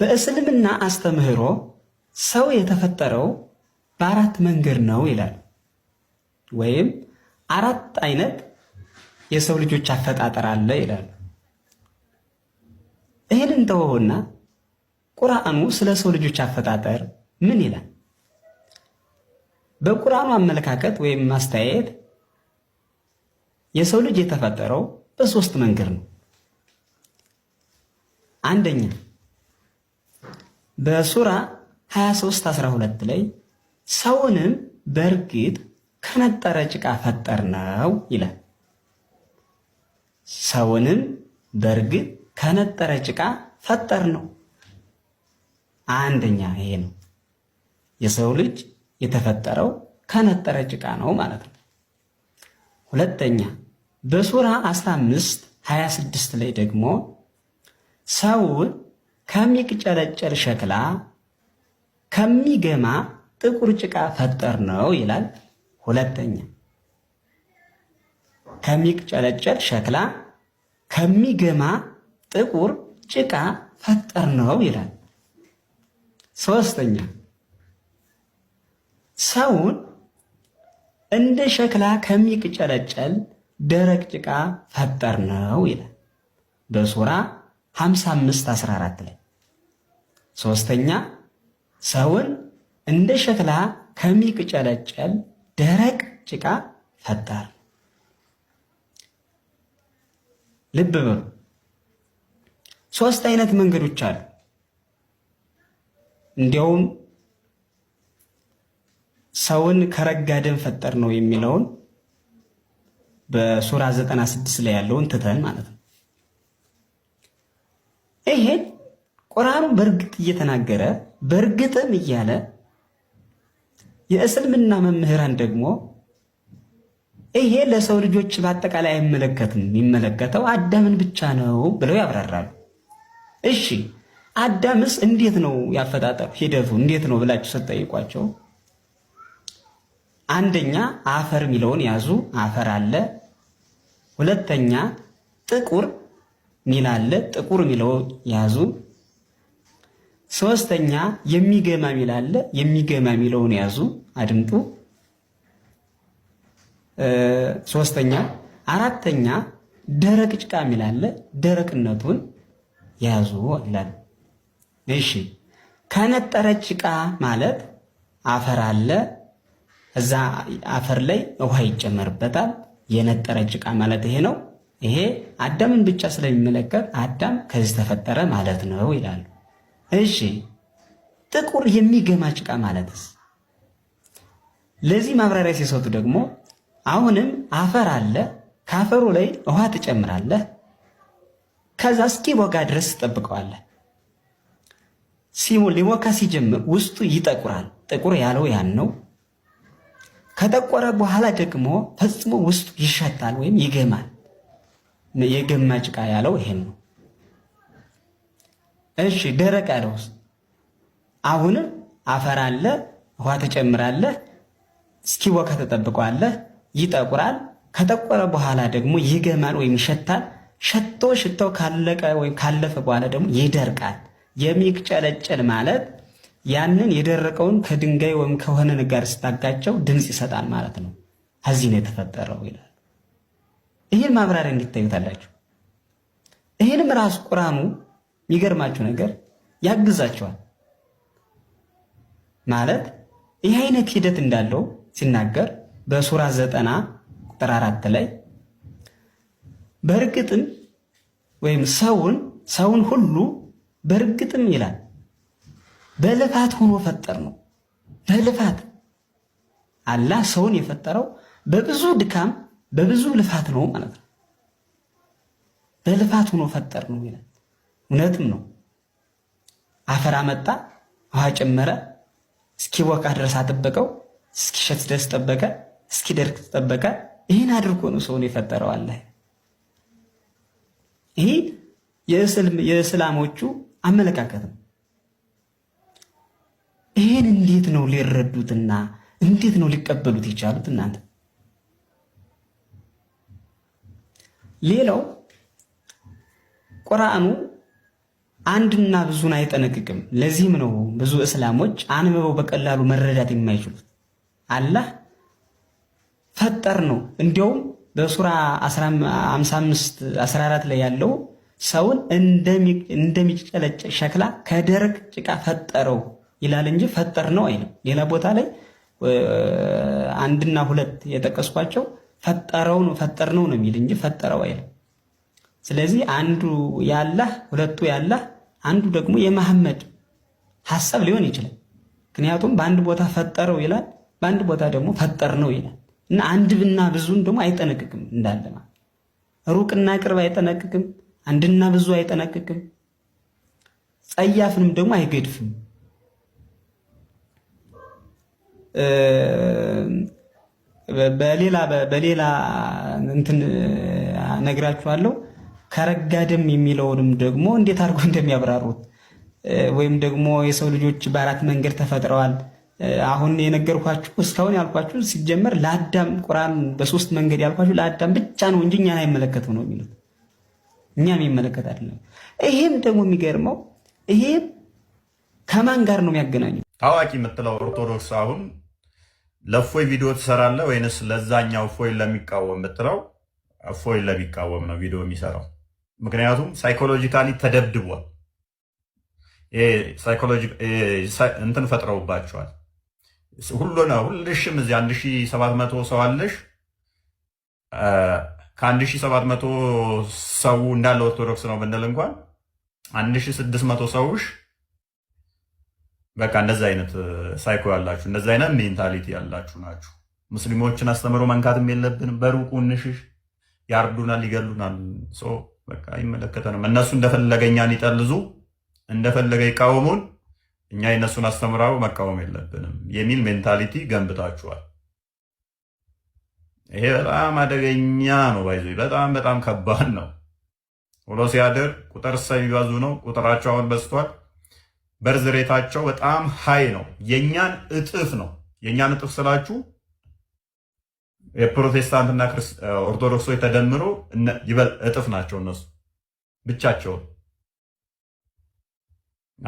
በእስልምና አስተምህሮ ሰው የተፈጠረው በአራት መንገድ ነው ይላል። ወይም አራት አይነት የሰው ልጆች አፈጣጠር አለ ይላል። ይህንን ተወውና ቁርአኑ ስለ ሰው ልጆች አፈጣጠር ምን ይላል? በቁርአኑ አመለካከት ወይም ማስተያየት የሰው ልጅ የተፈጠረው በሶስት መንገድ ነው። አንደኛ በሱራ 23 12 ላይ ሰውንም በእርግጥ ከነጠረ ጭቃ ፈጠር ነው ይላል። ሰውንም በእርግጥ ከነጠረ ጭቃ ፈጠር ነው። አንደኛ ይሄ ነው። የሰው ልጅ የተፈጠረው ከነጠረ ጭቃ ነው ማለት ነው። ሁለተኛ በሱራ 15 26 ላይ ደግሞ ሰውን ከሚቅጨረጨር ሸክላ ከሚገማ ጥቁር ጭቃ ፈጠር ነው ይላል። ሁለተኛ ከሚቅጨረጨር ሸክላ ከሚገማ ጥቁር ጭቃ ፈጠር ነው ይላል። ሶስተኛ ሰውን እንደ ሸክላ ከሚቅጨለጨል ደረቅ ጭቃ ፈጠር ነው ይላል በሱራ 55 14 ላይ ሶስተኛ ሰውን እንደ ሸክላ ከሚቅጨለጨል ደረቅ ጭቃ ፈጠር። ልብ በሉ ሶስት አይነት መንገዶች አሉ። እንዲያውም ሰውን ከረጋ ደም ፈጠር ነው የሚለውን በሱራ 96 ላይ ያለውን ትተን ማለት ነው። ይሄን ቁርአኑ በእርግጥ እየተናገረ በእርግጥም እያለ የእስልምና መምህራን ደግሞ ይሄ ለሰው ልጆች በአጠቃላይ አይመለከትም፣ የሚመለከተው አዳምን ብቻ ነው ብለው ያብራራሉ። እሺ አዳምስ እንዴት ነው ያፈጣጠሩ ሂደቱ እንዴት ነው ብላችሁ ስትጠይቋቸው አንደኛ አፈር የሚለውን ያዙ፣ አፈር አለ። ሁለተኛ ጥቁር ሚል አለ፣ ጥቁር የሚለው ያዙ። ሶስተኛ የሚገማ ሚል አለ። የሚገማ ሚለውን ያዙ አድምጡ። ሶስተኛ አራተኛ ደረቅ ጭቃ ሚል አለ። ደረቅነቱን ያዙ አላል። እሺ ከነጠረ ጭቃ ማለት አፈር አለ። እዛ አፈር ላይ ውሃ ይጨመርበታል። የነጠረ ጭቃ ማለት ይሄ ነው። ይሄ አዳምን ብቻ ስለሚመለከት አዳም ከዚህ ተፈጠረ ማለት ነው ይላሉ። እሺ ጥቁር የሚገማ ጭቃ ማለትስ? ለዚህ ማብራሪያ ሲሰጡ ደግሞ አሁንም አፈር አለ። ከአፈሩ ላይ ውሃ ትጨምራለህ። ከዛ እስኪ ቦጋ ድረስ ትጠብቀዋለህ። ሲሞ ሊቦካ ሲጀምር ውስጡ ይጠቁራል። ጥቁር ያለው ያን ነው። ከጠቆረ በኋላ ደግሞ ፈጽሞ ውስጡ ይሸታል ወይም ይገማል። የገማ ጭቃ ያለው ይሄን ነው። እሺ ደረቅ ያለውስ አሁንም አፈር አለ፣ ውሃ ትጨምራለህ፣ እስኪቦካ ተጠብቀዋለህ፣ ይጠቁራል። ከጠቆረ በኋላ ደግሞ ይገማል ወይም ይሸታል። ሸቶ ሽቶ ካለቀ ወይም ካለፈ በኋላ ደግሞ ይደርቃል። የሚቅጨለጭል ማለት ያንን የደረቀውን ከድንጋይ ወይም ከሆነ ነገር ስታጋጨው ድምፅ ይሰጣል ማለት ነው። እዚህ ነው የተፈጠረው ይላል። ይህን ማብራሪያ እንዲታዩታላችሁ። ይህንም ራሱ ቁራኑ የሚገርማችሁ ነገር ያግዛቸዋል። ማለት ይህ አይነት ሂደት እንዳለው ሲናገር በሱራ ዘጠና ቁጥር አራት ላይ በእርግጥም ወይም ሰውን ሰውን ሁሉ በእርግጥም ይላል በልፋት ሆኖ ፈጠር ነው። በልፋት አላህ ሰውን የፈጠረው በብዙ ድካም በብዙ ልፋት ነው ማለት ነው። በልፋት ሆኖ ፈጠር ነው ይላል። እውነትም ነው። አፈር አመጣ፣ ውሃ ጨመረ፣ እስኪቦካ ድረስ አጠበቀው፣ እስኪሸት ድረስ ጠበቀ፣ እስኪደርቅ ጠበቀ። ይህን አድርጎ ነው ሰውን የፈጠረው አለ። ይህ የእስላሞቹ አመለካከት ነው። ይህን እንዴት ነው ሊረዱትና እንዴት ነው ሊቀበሉት የቻሉት? እናንተ ሌላው ቁርአኑ አንድና ብዙን አይጠነቅቅም። ለዚህም ነው ብዙ እስላሞች አንብበው በቀላሉ መረዳት የማይችሉት። አላህ ፈጠር ነው። እንዲያውም በሱራ 55 14 ላይ ያለው ሰውን እንደሚጨለጭ ሸክላ ከደረቅ ጭቃ ፈጠረው ይላል እንጂ ፈጠር ነው አይልም። ሌላ ቦታ ላይ አንድና ሁለት የጠቀስኳቸው ፈጠረው ነው ፈጠር ነው ነው የሚል እንጂ ፈጠረው አይልም። ስለዚህ አንዱ ያላህ ሁለቱ ያላህ አንዱ ደግሞ የመሐመድ ሐሳብ ሊሆን ይችላል። ምክንያቱም በአንድ ቦታ ፈጠረው ይላል፣ በአንድ ቦታ ደግሞ ፈጠር ነው ይላል እና ብና ብዙን ደግሞ አይጠነቅቅም እንዳለ ማለት ሩቅና ቅርብ አይጠነቅቅም፣ አንድና ብዙ አይጠነቅቅም፣ ጸያፍንም ደግሞ አይገድፍም። በሌላ በሌላ እንትን ነግራችኋለሁ። ከረጋ ደም የሚለውንም ደግሞ እንዴት አድርጎ እንደሚያብራሩት ወይም ደግሞ የሰው ልጆች በአራት መንገድ ተፈጥረዋል። አሁን የነገርኳችሁ እስካሁን ያልኳችሁ ሲጀመር ለአዳም ቁርአን በሶስት መንገድ ያልኳችሁ ለአዳም ብቻ ነው እንጂ እኛን አይመለከተው ነው የሚሉት። እኛም ይመለከት አይደለም። ይሄም ደግሞ የሚገርመው ይሄም ከማን ጋር ነው የሚያገናኙ? ታዋቂ የምትለው ኦርቶዶክስ አሁን ለእፎይ ቪዲዮ ትሰራለህ ወይንስ ለዛኛው እፎይ ለሚቃወም የምትለው እፎይ ለሚቃወም ነው ቪዲዮ የሚሰራው? ምክንያቱም ሳይኮሎጂካሊ ተደብድቧል። እንትን ፈጥረውባቸዋል። ነው ሁልሽም እዚህ 1700 ሰው አለሽ። ከ1700 ሰው እንዳለ ኦርቶዶክስ ነው ብንል እንኳን 1600 ሰውሽ በቃ እንደዚህ አይነት ሳይኮ ያላችሁ እንደዚህ አይነት ሜንታሊቲ ያላችሁ ናችሁ። ሙስሊሞችን አስተምሮ መንካትም የለብንም። በሩቁ እንሽሽ ያርዱናል፣ ይገሉናል። በቃ አይመለከተንም። እነሱ እንደፈለገ እኛን ይጠልዙ፣ እንደፈለገ ይቃወሙን፣ እኛ የእነሱን አስተምራው መቃወም የለብንም የሚል ሜንታሊቲ ገንብታችኋል። ይሄ በጣም አደገኛ ነው። ባይዞ በጣም በጣም ከባድ ነው። ውሎ ሲያድር ቁጥር ሰሚባዙ ነው። ቁጥራቸው አሁን በዝቷል። በርዝ ሬታቸው በጣም ሀይ ነው። የእኛን እጥፍ ነው። የእኛን እጥፍ ስላችሁ የፕሮቴስታንትና ኦርቶዶክሶች ተደምሮ እጥፍ ናቸው። እነሱ ብቻቸውን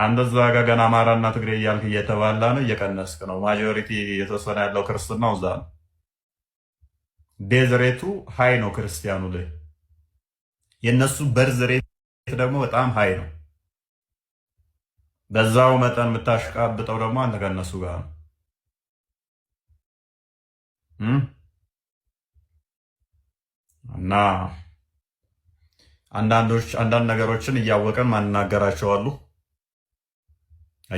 አንተ እዛ ጋ ገና አማራና ትግሬ እያልክ እየተባላ ነው፣ እየቀነስክ ነው። ማጆሪቲ የተወሰነ ያለው ክርስትናው እዛ ነው። ዴዝሬቱ ሀይ ነው ክርስቲያኑ ላይ የእነሱ በርዝሬት ደግሞ በጣም ሀይ ነው። በዛው መጠን የምታሽቃብጠው ደግሞ አንተ ከእነሱ ጋር ነው። እና አንዳንዶች አንዳንድ ነገሮችን እያወቀን ማናገራቸዋሉ አሉ።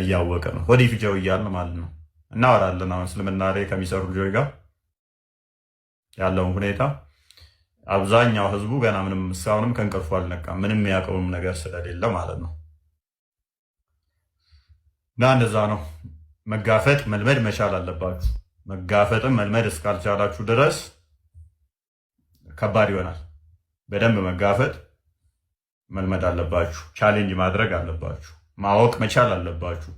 እያወቀ ነው ወዲህ ፍጀው እያልን ማለት ነው። እናወራለን አሁን እስልምና ላይ ከሚሰሩ ልጆች ጋር ያለውን ሁኔታ አብዛኛው ህዝቡ ገና ምንም እስካሁንም ከእንቅልፉ አልነቃም፣ ምንም ያቀውም ነገር ስለሌለ ማለት ነው። እና እንደዛ ነው። መጋፈጥ መልመድ መቻል አለባችሁ። መጋፈጥም መልመድ እስካልቻላችሁ ድረስ ከባድ ይሆናል። በደንብ መጋፈጥ መልመድ አለባችሁ። ቻሌንጅ ማድረግ አለባችሁ። ማወቅ መቻል አለባችሁ።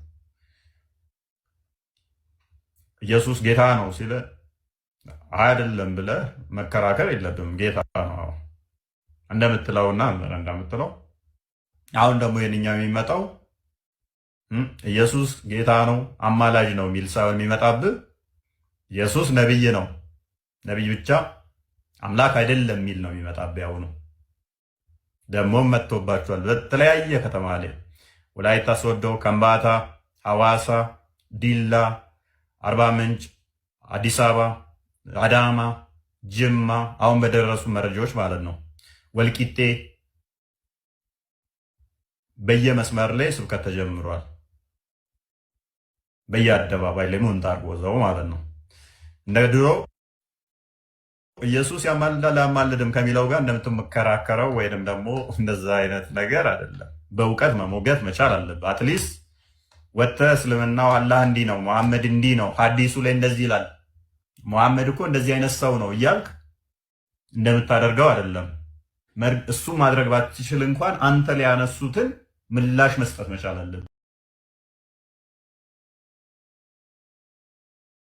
ኢየሱስ ጌታ ነው ሲለ አይደለም ብለ መከራከር የለብም። ጌታ ነው እንደምትለውና እንደምትለው አሁን ደግሞ የኛ የሚመጣው ኢየሱስ ጌታ ነው አማላጅ ነው የሚል ሳይሆን የሚመጣብህ ኢየሱስ ነቢይ ነው። ነቢይ ብቻ አምላክ አይደለም የሚል ነው የሚመጣብህ። አሁኑ ነው ደግሞም መጥቶባቸዋል። በተለያየ ከተማ ላይ ወላይታ ሶዶ፣ ከምባታ፣ ሐዋሳ፣ ዲላ፣ አርባ ምንጭ፣ አዲስ አበባ፣ አዳማ፣ ጅማ አሁን በደረሱ መረጃዎች ማለት ነው ወልቂጤ በየመስመር ላይ ስብከት ተጀምሯል። በየአደባባይ ላይ ምንጣር ወዘው ማለት ነው እንደ ኢየሱስ ያማልዳል አያማልድም ከሚለው ጋር እንደምትመከራከረው ወይንም ደግሞ እንደዛ አይነት ነገር አይደለም። በእውቀት መሞገት መቻል አለብህ። አትሊስት ወጥተህ እስልምናው አላህ እንዲህ ነው፣ መሐመድ እንዲህ ነው፣ ሀዲሱ ላይ እንደዚህ ይላል፣ መሐመድ እኮ እንደዚህ አይነት ሰው ነው እያልክ እንደምታደርገው አይደለም። እሱ ማድረግ ባትችል እንኳን አንተ ሊያነሱትን ምላሽ መስጠት መቻል አለብህ።